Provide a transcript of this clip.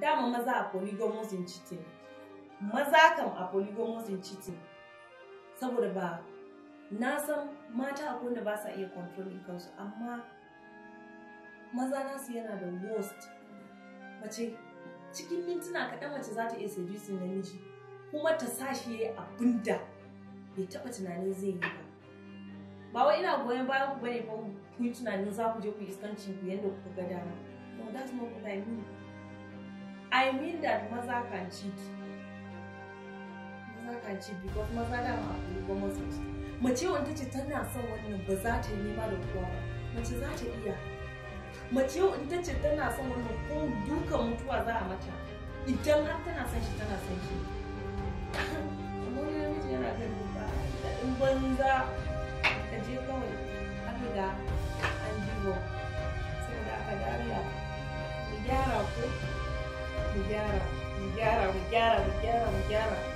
dama maza a polygamous in cheating maza kam a polygamous in cheating saboda ba na san mata akwai wanda ba sa iya din kansu amma maza nasu yana da worst mace cikin mintuna kaɗan mace za ta iya seducing namiji kuma ta sa shi ya yi abin da bai taɓa tunanin zai yi ba ba wai ina goyon bayan ku bane fa ku yi tunanin za ku je ku yi iskancin ku yadda ku ga dama no that's not what I mean da maza kan cheat. Maza kan cheat because maza da ma ku ba maza ci. Mace wanda ce tana son wannan ba za ta yi ba da kowa ba. Mace za ta iya. Mace wanda ce tana son wannan ko duka mutuwa za a mata. Idan har tana son shi tana son shi. Amma ne mutu yana kan ba da in banza ka je kawai an riga an jiwo. Saboda aka dariya. gyara ko We gotta, we gotta, we gotta, we gotta, we got